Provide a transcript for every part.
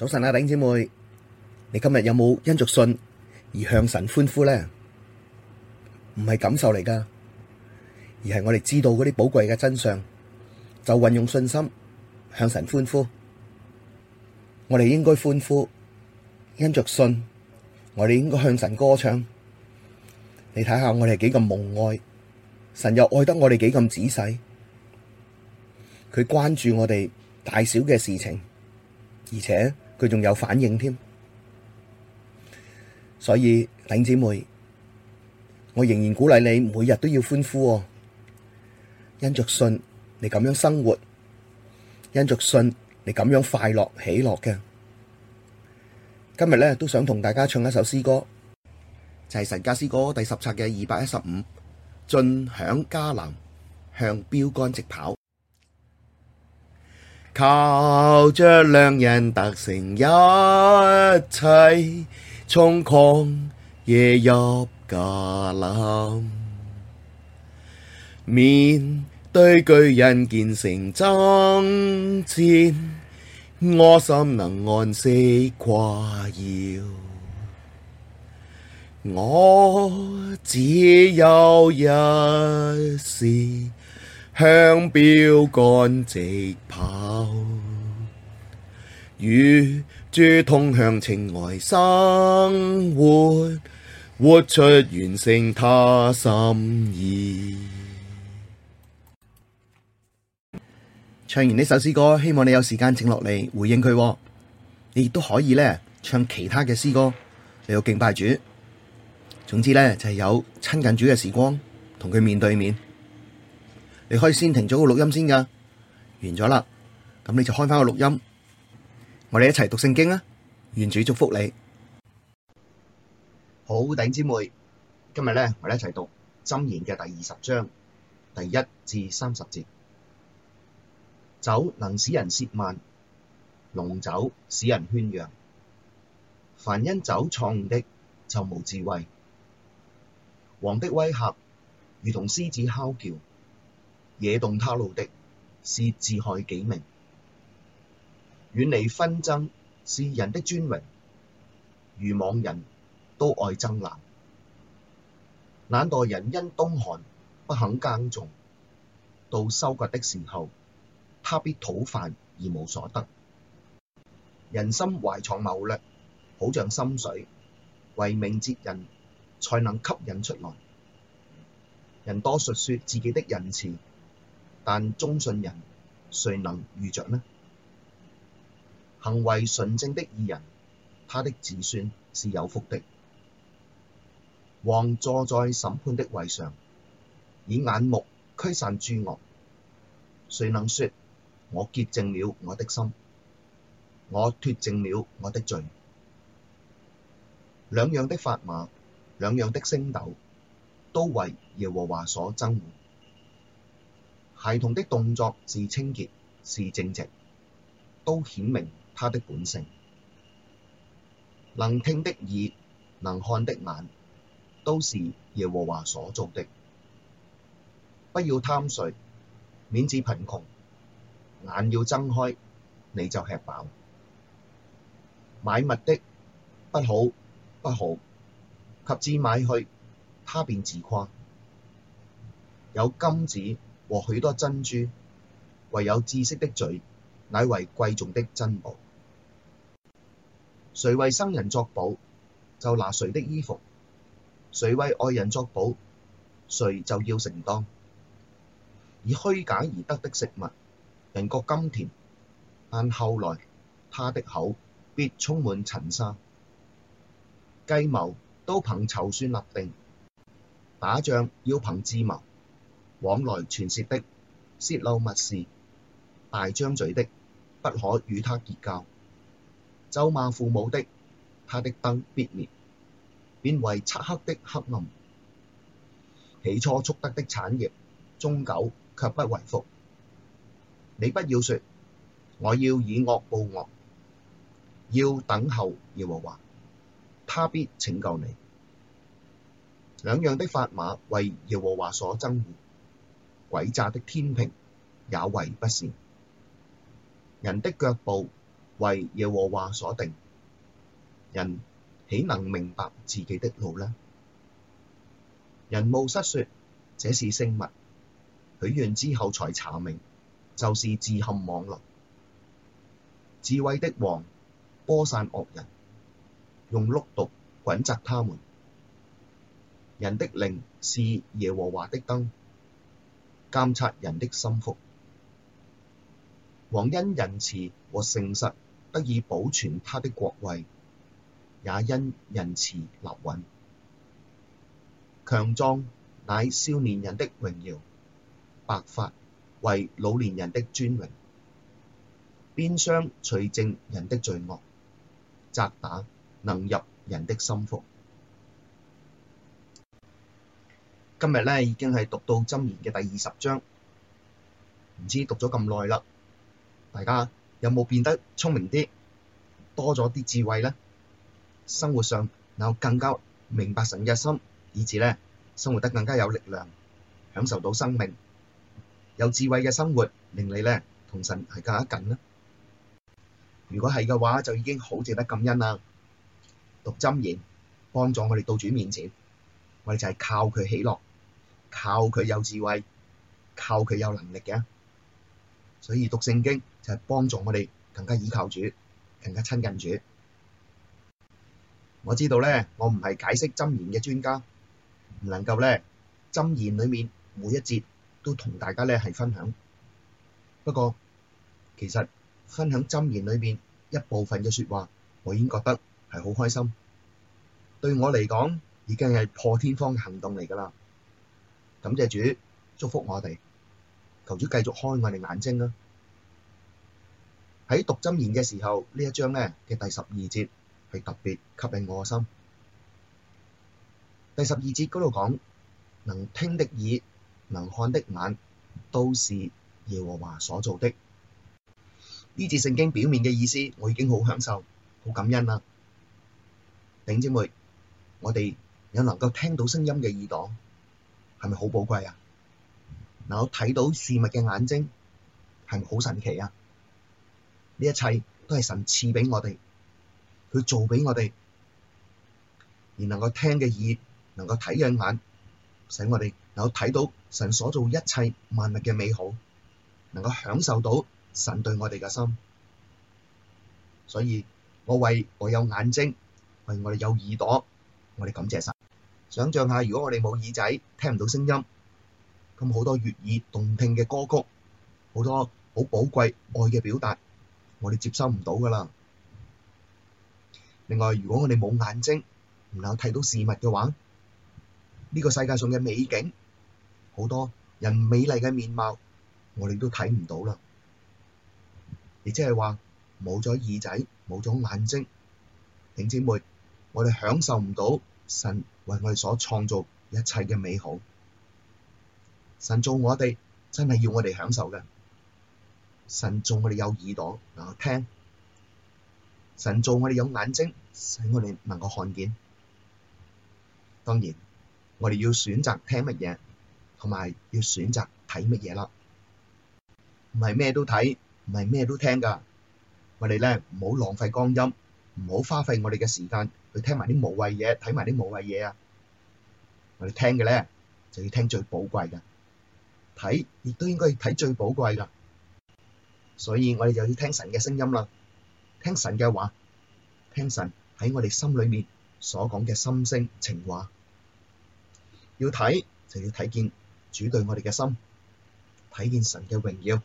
早晨啊，頂姐妹，你今日有冇因着信而向神歡呼咧？唔係感受嚟噶，而係我哋知道嗰啲寶貴嘅真相，就運用信心向神歡呼。我哋應該歡呼，因着信，我哋應該向神歌唱。你睇下，我哋幾咁蒙愛，神又愛得我哋幾咁仔細，佢關注我哋大小嘅事情，而且。佢仲有反應添，所以弟兄姊妹，我仍然鼓勵你每日都要歡呼，哦，因着信你咁樣生活，因着信你咁樣快樂喜樂嘅。今日咧都想同大家唱一首詩歌，就係神家詩歌第十冊嘅二百一十五，進享迦南，向標竿直跑。靠着良人得勝一切，從曠野入迦南，面對巨人、堅城、爭戰，我心能安息、誇耀，我只有一事。向標杆直跑，與主同享情愛生活，活出完成他心意。唱完呢首詩歌，希望你有時間靜落嚟回應佢。你亦都可以呢唱其他嘅詩歌嚟到敬拜主。總之呢，就係有親近主嘅時光，同佢面對面。你可以先停咗個錄音先噶，完咗啦，咁你就開翻個錄音，我哋一齊讀聖經啊。願主祝福你，好頂姐妹。今日咧，我哋一齊讀箴言嘅第二十章第一至三十節。酒能使人褻慢，濃酒使人喧嚷，凡因酒錯誤的就無智慧，王的威吓如同獅子吼叫。惹動他怒的，是自害己命，遠離紛爭是人的尊榮。愚妄人都愛爭鬧，懶惰人因冬寒不肯耕種，到收割的時候，他必討飯而無所得。人心懷藏謀略，好像深水，惟明哲人才能汲引出來。人多述說自己的仁慈。但忠信人誰能遇著呢？行為純正的義人，他的子孫是有福的。王坐在審判的位上，以眼目驅散諸惡。誰能說我潔淨了我的心，我脫淨了我的罪？兩樣的法碼，兩樣的升斗，都為耶和華所憎惡。孩童的動作是清潔，是正直，都顯明他的本性。能聽的耳，能看的眼，都是耶和華所造的。不要貪睡，免致貧窮。眼要睜開，你就吃飽。買物的不好，不好，及至買去，他便自誇。有金子，和許多珍珠，唯有知識的嘴乃為貴重的珍寶。誰為生人作保，就拿誰的衣服；誰為外人作保，誰就要承當。以虛假而得的食物，人覺甘甜，但後來他的口必充滿塵沙。計謀都憑籌算立定，打仗要憑智謀。往來傳舌的，洩漏密事、大張嘴的，不可與他結交；咒罵父母的，他的燈必滅，變為漆黑的黑暗。起初速得的產業，終久却不為福。你不要說：我要以惡報惡，要等候耶和華，他必拯救你。兩樣的法碼為耶和華所憎惡。詭詐的天平也為不善，人的腳步為耶和華所定，人豈能明白自己的路呢？人冒失說，這是聖物，許願之後才查明，就是自陷網羅。智慧的王簸散惡人，用碌碡滾軋他們。人的靈是耶和華的燈。鑒察人的心腹，王因仁慈和誠實得以保存他的國位，也因仁慈立穩。強壯乃少年人的榮耀，白髮為老年人的尊榮。鞭傷除淨人的罪惡，責打能入人的心腹。今日咧已經係讀到箴言嘅第二十章，唔知讀咗咁耐啦，大家有冇變得聰明啲，多咗啲智慧咧？生活上能夠更加明白神嘅心，以至咧生活得更加有力量，享受到生命有智慧嘅生活，令你咧同神係更加緊啦。如果係嘅話，就已經好值得感恩啦。讀箴言幫助我哋到主面前，我哋就係靠佢喜樂。靠佢有智慧，靠佢有能力嘅，所以讀聖經就係幫助我哋更加依靠主，更加親近主。我知道咧，我唔係解釋箴言嘅專家，唔能夠咧箴言裏面每一節都同大家咧係分享。不過其實分享箴言裏面一部分嘅說話，我已經覺得係好開心。對我嚟講，已經係破天荒嘅行動嚟噶啦。感謝主祝福我哋，求主繼續開我哋眼睛咯。喺讀箴言嘅時候，呢一章咧嘅第十二節係特別吸引我嘅心。第十二節嗰度講，能聽的耳，能看的眼，都是耶和華所造的。呢節聖經表面嘅意思，我已經好享受好感恩啦。弟姐妹，我哋有能夠聽到聲音嘅耳朵。係咪好寶貴啊？能夠睇到事物嘅眼睛，係咪好神奇啊？呢一切都係神賜俾我哋，佢做俾我哋，而能夠聽嘅耳，能夠睇嘅眼，使我哋能夠睇到神所做一切萬物嘅美好，能夠享受到神對我哋嘅心。所以我為我有眼睛，為我哋有耳朵，我哋感謝神。想象下，如果我哋冇耳仔，聽唔到聲音，咁好多悅耳動聽嘅歌曲，好多好寶貴愛嘅表達，我哋接收唔到㗎喇。另外，如果我哋冇眼睛，唔能夠睇到事物嘅話，呢個世界上嘅美景，好多人美麗嘅面貌，我哋都睇唔到啦。亦即係話，冇咗耳仔，冇咗眼睛，弟兄姊妹，我哋享受唔到。神為我哋所創造一切嘅美好，神做我哋真係要我哋享受嘅，神做我哋有耳朵能夠聽，神做我哋有眼睛，使我哋能夠看見。當然，我哋要選擇聽乜嘢，同埋要選擇睇乜嘢啦，唔係咩都睇，唔係咩都聽噶。我哋咧，唔好浪費光陰，唔好花費我哋嘅時間，去聽埋啲無謂嘢，睇埋啲無謂嘢啊！我哋聽嘅咧就要聽最寶貴嘅，睇亦都應該要睇最寶貴嘅。所以我哋就要聽神嘅聲音啦，聽神嘅話，聽神喺我哋心裏面所講嘅心聲情話。要睇就要睇見主對我哋嘅心，睇見神嘅榮耀，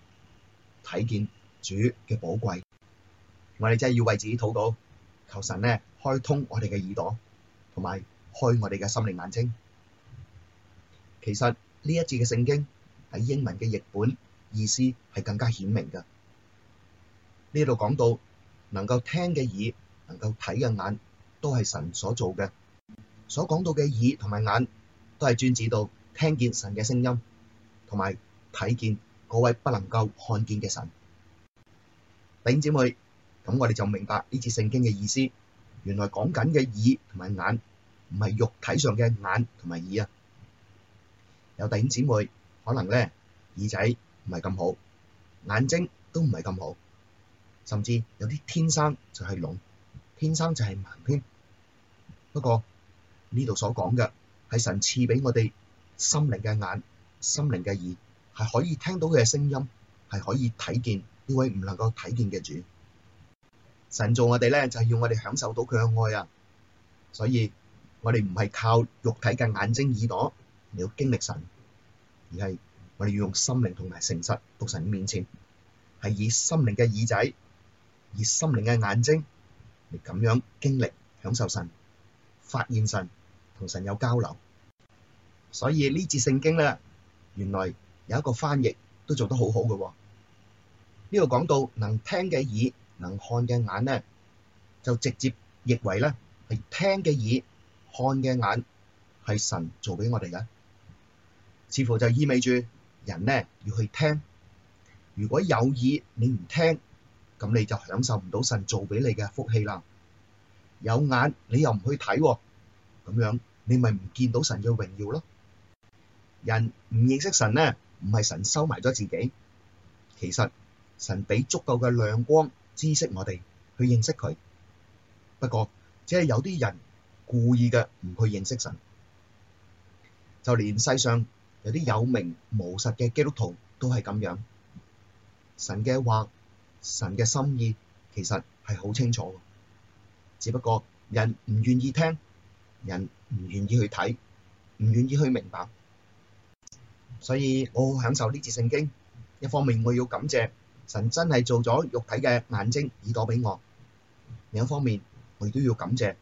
睇見主嘅寶貴。我哋真係要為自己禱告，求神咧，開通我哋嘅耳朵，同埋開我哋嘅心靈眼睛。其實呢一節嘅聖經喺英文嘅譯本意思係更加顯明嘅。呢度講到能夠聽嘅耳，能夠睇嘅眼，都係神所做嘅。所講到嘅耳同埋眼，都係專指到聽見神嘅聲音，同埋睇見嗰位不能夠看見嘅神。弟兄姊妹，咁我哋就明白呢節聖經嘅意思。原來講緊嘅耳同埋眼唔係肉體上嘅眼同埋耳啊，有弟兄姊妹可能咧，耳仔唔係咁好，眼睛都唔係咁好，甚至有啲天生就係聾，天生就係盲添。不過呢度所講嘅係神賜俾我哋心靈嘅眼、心靈嘅耳，係可以聽到佢嘅聲音，係可以睇見呢位唔能夠睇見嘅主。神做我哋咧，就係、是、要我哋享受到佢嘅愛啊！所以我哋唔係靠肉體嘅眼睛、耳朵嚟到經歷神，而係我哋要用心靈同埋誠實到神面前，係以心靈嘅耳仔、以心靈嘅眼睛嚟咁樣經歷、享受神、發現神、同神有交流。所以呢節聖經咧，原來有一個翻譯都做得好好嘅、啊。呢度講到能聽嘅耳。能看嘅眼呢，就直接譯為呢，係聽嘅耳、看嘅眼係神做俾我哋嘅，似乎就意味住人呢要去聽。如果有耳，你唔聽，咁你就享受唔到神做俾你嘅福氣啦。有眼你又唔去睇、啊，咁樣你咪唔見到神嘅榮耀咯。人唔認識神呢，唔係神收埋咗自己，其實神俾足夠嘅亮光。知識我哋去認識佢，不過只係有啲人故意嘅唔去認識神，就連世上有啲有名無實嘅基督徒都係咁樣。神嘅話、神嘅心意其實係好清楚，只不過人唔願意聽，人唔願意去睇，唔願意去明白。所以我好享受呢節聖經，一方面我要感謝。神真係做咗肉體嘅眼睛、耳朵俾我。另一方面，我亦都要感謝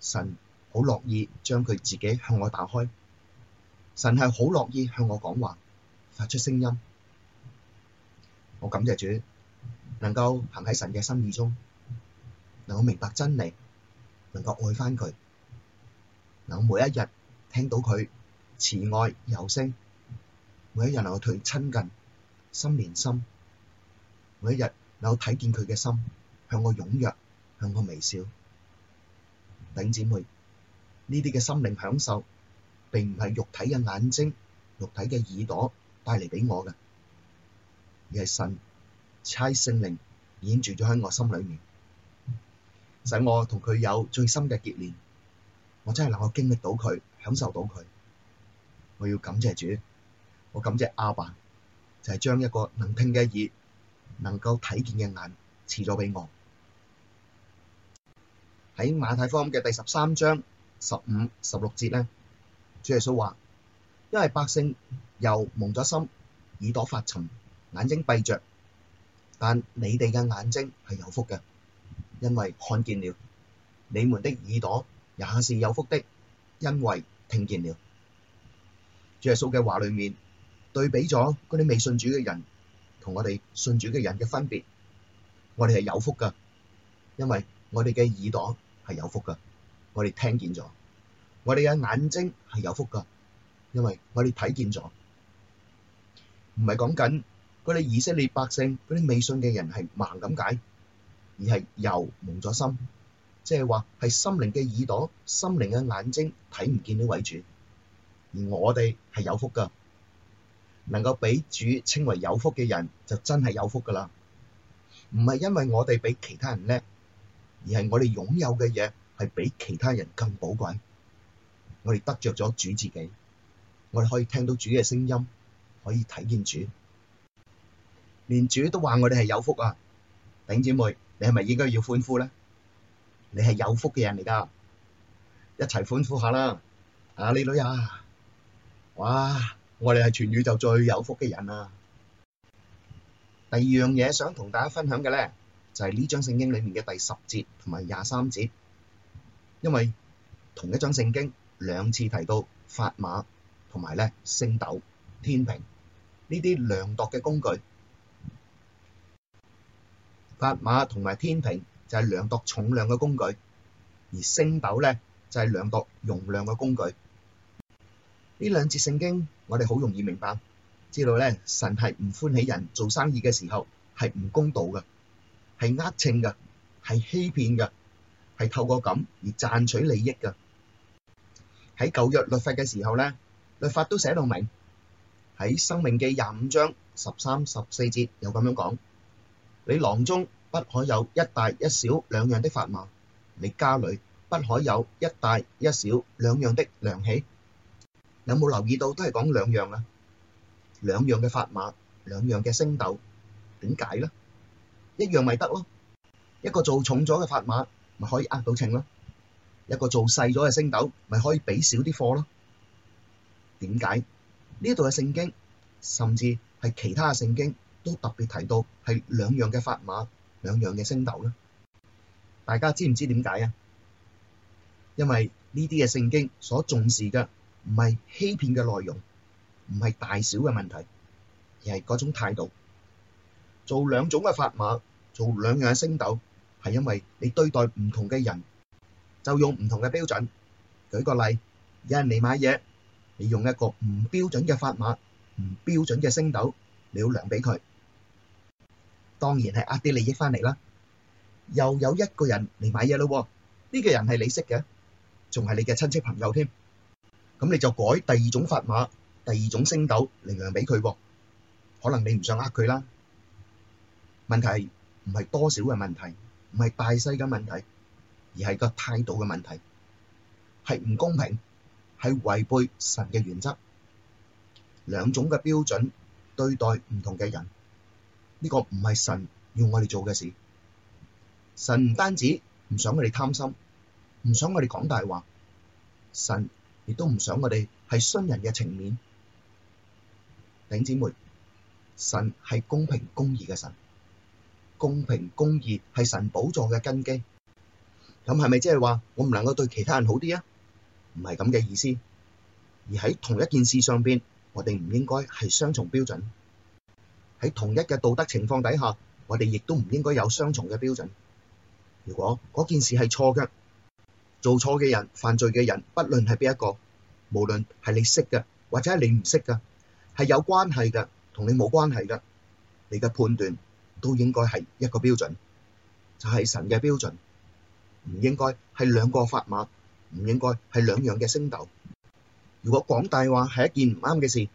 神好樂意將佢自己向我打開。神係好樂意向我講話，發出聲音。我感謝主，能夠行喺神嘅心意中。能夠明白真理，能夠愛返佢。嗱，我每一日聽到佢慈愛柔聲，每一日我同佢親近，心連心。每一日，我睇見佢嘅心向我踴躍，向我微笑。弟兄姊妹，呢啲嘅心靈享受，並唔係肉體嘅眼睛、肉體嘅耳朵帶嚟俾我嘅，而係神差聖靈掩住咗喺我心裏面，使我同佢有最深嘅結連。我真係能夠經歷到佢，享受到佢。我要感謝主，我感謝阿爸，就係將一個能聽嘅耳。能夠睇見嘅眼，賜咗俾我。喺馬太福音嘅第十三章十五、十六節呢，主耶穌話：「因為百姓又蒙咗心，耳朵發沉，眼睛閉著，但你哋嘅眼睛係有福嘅，因為看見了；你們的耳朵也是有福的，因為聽見了。」主耶穌嘅話裡面對比咗嗰啲未信主嘅人。同我哋信主嘅人嘅分別，我哋係有福噶，因為我哋嘅耳朵係有福噶，我哋聽見咗；我哋嘅眼睛係有福噶，因為我哋睇見咗。唔係講緊嗰啲以色列百姓嗰啲未信嘅人係盲咁解，而係又蒙咗心，即係話係心靈嘅耳朵、心靈嘅眼睛睇唔見呢位主，而我哋係有福噶。能夠畀主稱為有福嘅人，就真係有福噶啦！唔係因為我哋比其他人叻，而係我哋擁有嘅嘢係比其他人更寶貴。我哋得着咗主自己，我哋可以聽到主嘅聲音，可以睇見主。連主都話我哋係有福啊！頂姐妹，你係咪應該要歡呼咧？你係有福嘅人嚟㗎，一齊歡呼下啦！啊，你女啊，哇！我哋係全宇宙最有福嘅人啊！第二樣嘢想同大家分享嘅咧，就係呢章聖經裏面嘅第十節同埋廿三節，因為同一章聖經兩次提到法碼同埋咧升斗、天平呢啲量度嘅工具。法碼同埋天平就係量度重量嘅工具，而升斗咧就係量度容量嘅工具。呢兩節聖經，我哋好容易明白，知道咧神係唔歡喜人做生意嘅時候係唔公道嘅，係呃秤嘅，係欺騙嘅，係透過咁而賺取利益嘅。喺舊約律法嘅時候呢，律法都寫到明，喺《申命記》廿五章十三、十四節有咁樣講：「你囊中不可有一大一小兩樣的法碼，你家裏不可有一大一小兩樣的量器。有冇留意到都係講兩樣啊？兩樣嘅法碼，兩樣嘅升斗，點解咧？一樣咪得咯。一個做重咗嘅法碼咪可以呃到秤咯，一個做細咗嘅升斗咪可以俾少啲貨咯。點解呢度嘅聖經，甚至係其他嘅聖經都特別提到係兩樣嘅法碼，兩樣嘅升斗咧？大家知唔知點解啊？因為呢啲嘅聖經所重視嘅。唔係欺騙嘅內容，唔係大小嘅問題，而係嗰種態度。做兩種嘅法碼，做兩樣升斗，係因為你對待唔同嘅人就用唔同嘅標準。舉個例，有人嚟買嘢，你用一個唔標準嘅法碼、唔標準嘅升斗，你要量俾佢，當然係呃啲利益翻嚟啦。又有一個人嚟買嘢咯，呢個人係你識嘅，仲係你嘅親戚朋友添。咁你就改第二種法碼，第二種升斗嚟量俾佢喎。可能你唔想呃佢啦。問題係唔係多少嘅問題，唔係大細嘅問題，而係個態度嘅問題，係唔公平，係違背神嘅原則。兩種嘅標準對待唔同嘅人，呢個唔係神要我哋做嘅事。神唔單止唔想我哋貪心，唔想我哋講大話，神，亦都唔想我哋係徇人嘅情面，弟兄姊妹，神係公平公義嘅神，公平公義係神寶座嘅根基。咁係咪即係話我唔能夠對其他人好啲啊？唔係咁嘅意思，而喺同一件事上邊，我哋唔應該係雙重標準。喺同一嘅道德情況底下，我哋亦都唔應該有雙重嘅標準。如果嗰件事係錯嘅。做錯嘅人、犯罪嘅人，不論係邊一個，無論係你識噶或者你唔識噶，係有關係噶同你冇關係噶，你嘅判斷都應該係一個標準，就係、是、神嘅標準，唔應該係兩個法碼，唔應該係兩樣嘅升斗。如果講大話係一件唔啱嘅事，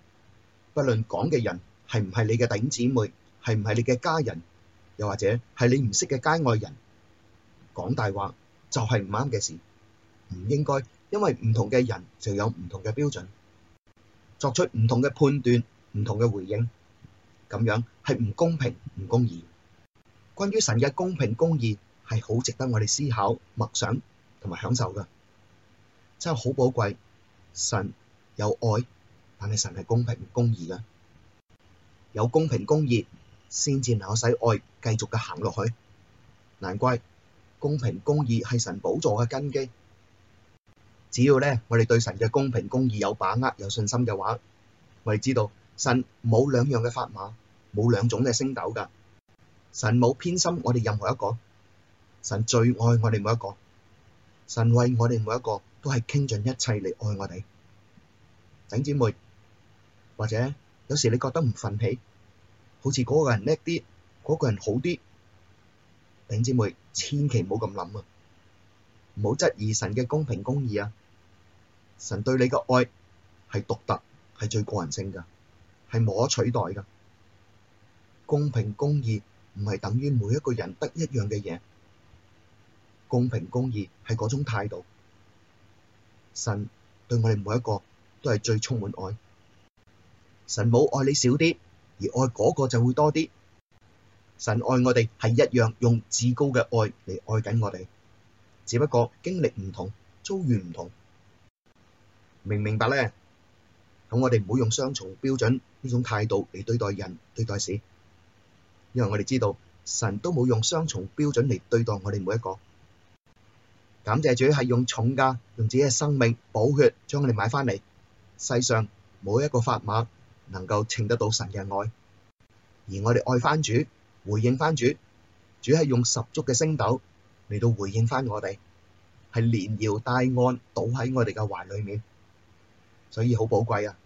不論講嘅人係唔係你嘅頂姊妹，係唔係你嘅家人，又或者係你唔識嘅街外人，講大話就係唔啱嘅事。唔應該，因為唔同嘅人就有唔同嘅標準，作出唔同嘅判斷、唔同嘅回應，咁樣係唔公平、唔公義。關於神嘅公平公義係好值得我哋思考、默想同埋享受㗎，真係好寶貴。神有愛，但係神係公平公義㗎，有公平公義先至能夠使愛繼續嘅行落去。難怪公平公義係神寶座嘅根基。只要咧，我哋對神嘅公平公義有把握、有信心嘅話，我哋知道神冇兩樣嘅法碼，冇兩種嘅升斗噶。神冇偏心，我哋任何一個，神最愛我哋每一個，神為我哋每一個都係傾盡一切嚟愛我哋。頂姐妹，或者有時你覺得唔忿氣，好似嗰個人叻啲，嗰個人好啲，頂姐妹，千祈唔好咁諗啊，唔好質疑神嘅公平公義啊！神對你嘅愛係獨特，係最個人性噶係冇可取代噶公平公義唔係等於每一個人得一樣嘅嘢，公平公義係嗰種態度。神對我哋每一個都係最充滿愛，神冇愛你少啲，而愛嗰個就會多啲。神愛我哋係一樣，用至高嘅愛嚟愛緊我哋，只不過經歷唔同，遭遇唔同。明唔明白咧？咁我哋唔好用雙重標準呢種態度嚟對待人、對待事，因為我哋知道神都冇用雙重標準嚟對待我哋每一個。感謝主係用重價，用自己嘅生命寶血，將我哋買返嚟。世上冇一個法碼能夠稱得到神嘅愛，而我哋愛返主，回應返主，主係用十足嘅升斗嚟到回應返我哋，係連搖帶按倒喺我哋嘅懷裏面。所以好寶貴啊！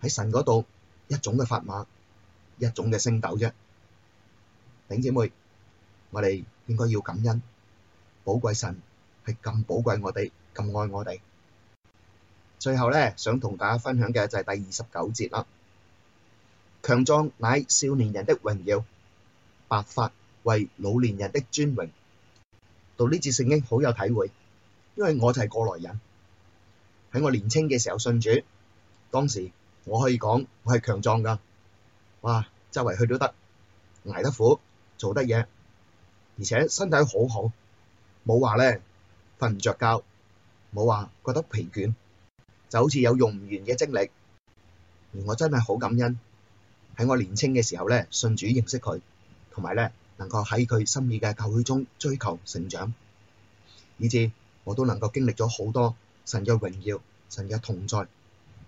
喺神嗰度，一種嘅法碼，一種嘅升斗啫。頂姐妹，我哋應該要感恩，寶貴神係咁寶貴我哋，咁愛我哋。最後咧，想同大家分享嘅就係第二十九節啦。強壯乃少年人的榮耀，白發為老年人的尊榮。讀呢節聖經好有體會，因為我就係過來人。喺我年青嘅時候信主，當時我可以講我係強壯噶，哇，周圍去都得，挨得苦，做得嘢，而且身體好好，冇話咧瞓唔着覺，冇話覺得疲倦，就好似有用唔完嘅精力。而我真係好感恩，喺我年青嘅時候咧信主認識佢，同埋咧能夠喺佢心意嘅教會中追求成長，以至我都能夠經歷咗好多。神嘅榮耀，神嘅同在，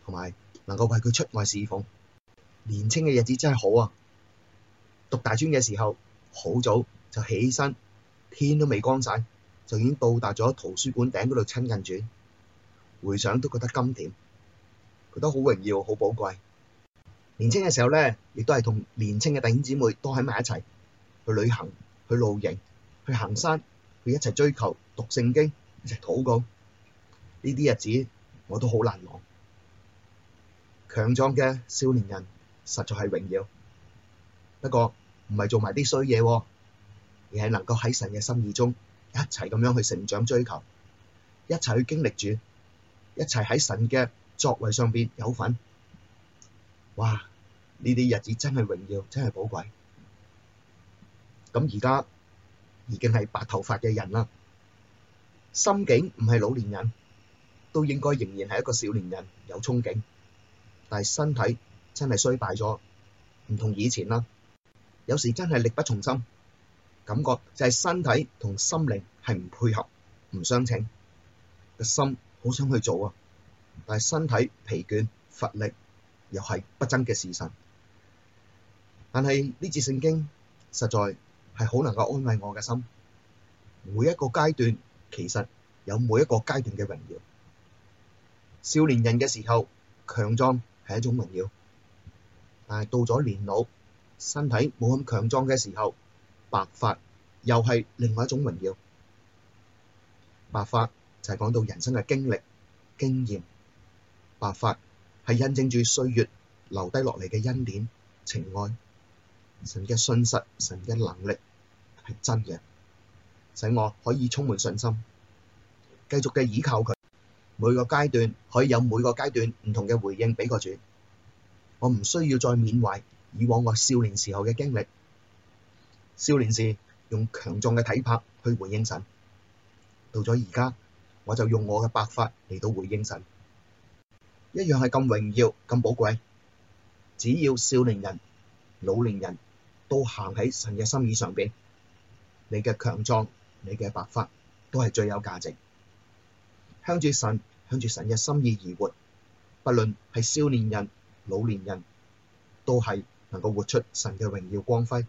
同埋能夠為佢出外侍奉，年青嘅日子真係好啊！讀大專嘅時候，好早就起身，天都未光晒，就已經到達咗圖書館頂嗰度親近主。回想都覺得甘甜，佢都好榮耀，好寶貴。年青嘅時候咧，亦都係同年青嘅弟兄姊妹都喺埋一齊，去旅行，去露營，去行山，去一齊追求，讀聖經，一齊禱告。呢啲日子我都好難忘，強壯嘅少年人實在係榮耀。不過唔係做埋啲衰嘢，而係能夠喺神嘅心意中一齊咁樣去成長、追求，一齊去經歷住，一齊喺神嘅作為上邊有份。哇！呢啲日子真係榮耀，真係寶貴。咁而家已經係白頭髮嘅人啦，心境唔係老年人，都應該仍然係一個少年人，有憧憬，但係身體真係衰敗咗，唔同以前啦。有時真係力不從心，感覺就係身體同心靈係唔配合、唔相稱。個心好想去做啊，但係身體疲倦、乏力，又係不爭嘅事實。但係呢節聖經實在係好能夠安慰我嘅心。每一個階段其實有每一個階段嘅榮耀。少年人嘅時候，強壯係一種榮耀，但係到咗年老，身體冇咁強壯嘅時候，白髮又係另外一種榮耀。白髮就係講到人生嘅經歷、經驗，白髮係印證住歲月留低落嚟嘅恩典、情愛、神嘅信實、神嘅能力係真嘅，使我可以充滿信心，繼續嘅依靠佢。每個階段可以有每個階段唔同嘅回應俾個主，我唔需要再緬懷以往我少年時候嘅經歷。少年時用強壯嘅體魄去回應神，到咗而家我就用我嘅白髮嚟到回應神，一樣係咁榮耀咁寶貴。只要少年人、老年人都行喺神嘅心意上面，你嘅強壯、你嘅白髮都係最有價值。向住神，向住神嘅心意而活，不論係少年人、老年人，都係能夠活出神嘅榮耀光輝。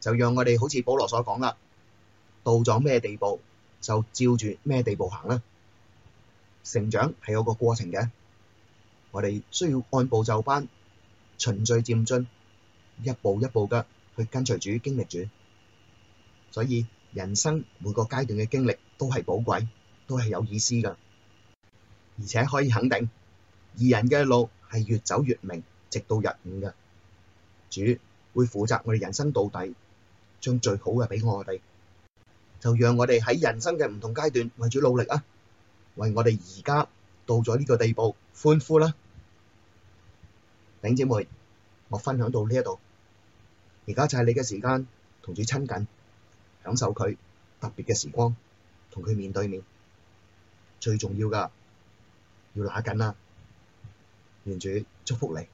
就讓我哋好似保羅所講啦，到咗咩地步，就照住咩地步行啦。成長係有個過程嘅，我哋需要按部就班，循序漸進，一步一步嘅去跟隨主、經歷主。所以人生每個階段嘅經歷都係寶貴。都係有意思噶，而且可以肯定，二人嘅路係越走越明，直到日午嘅。主會負責我哋人生到底，將最好嘅俾我哋，就讓我哋喺人生嘅唔同階段為主努力啊！為我哋而家到咗呢個地步歡呼啦！丁姐妹，我分享到呢一度，而家就係你嘅時間，同主親近，享受佢特別嘅時光，同佢面對面。最重要㗎，要拿緊啦！願主祝福你。